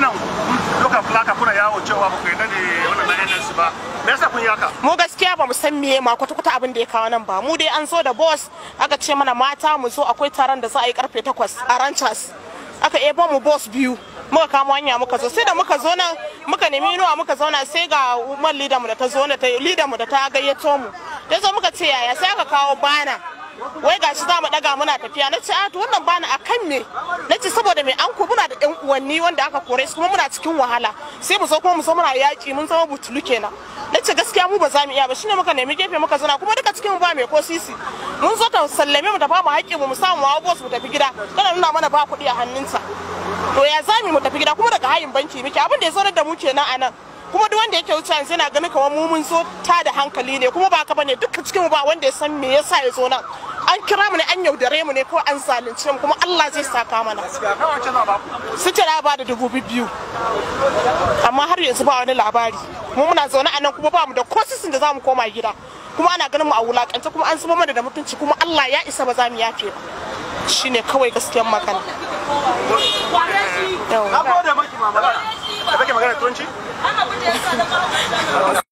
nan duka flaka kuna yawo cewa ba ku yarda da wannan NNC ba me yasa kun yaka mu gaskiya ba mu san meye ma kwata kwata abin da ya kawo nan ba mu dai an zo da boss aka ce mana mata mu zo akwai taron da za a yi karfe 8 a ranchers aka ebo mu boss biyu muka kama hanya muka zo sai da muka zo nan muka nemi inuwa muka zauna sai ga umar leader mu da ta zo da ta leader mu da ta gayyato mu ta zo muka ce yaya sai aka kawo bana gashi za mu daga muna tafiya na ce a ah, to wannan bani akan me na ce saboda mai an muna da yan uwanni wanda aka kore su kuma muna cikin wahala sai mu zo kuma mu zo muna yaki mun zama butulu kenan na ce gaskiya mu ba za mu iya ba shine muka nemi gefe muka zana kuma duka cikin ba mai ko sisi mun zo ta sallame mu da ba mu haƙƙi mu samu hawo boss mu tafi gida tana nuna mana ba kuɗi a hannunsa to ya za mu tafi gida kuma daga hayin banki muke abin da ya sanar da mu kenan a nan kuma duk wanda yake wuce yanzu yana ganin kamar mu mun zo ta da hankali ne kuma ba ka bane duka cikin ba wanda ya san me yasa ya zo nan an kira mu ne an yaudare mu ne ko an zalunce mu kuma Allah zai saka mana sutura ba da dubu biyu amma har yanzu ba wani labari mu muna zaune a nan kuma ba mu da kosisin da za mu koma gida kuma ana ganin mu a wulakance kuma an zuba mana da mutunci kuma Allah ya isa ba za mu yafe ba shine kawai gaskiyar magana Da magana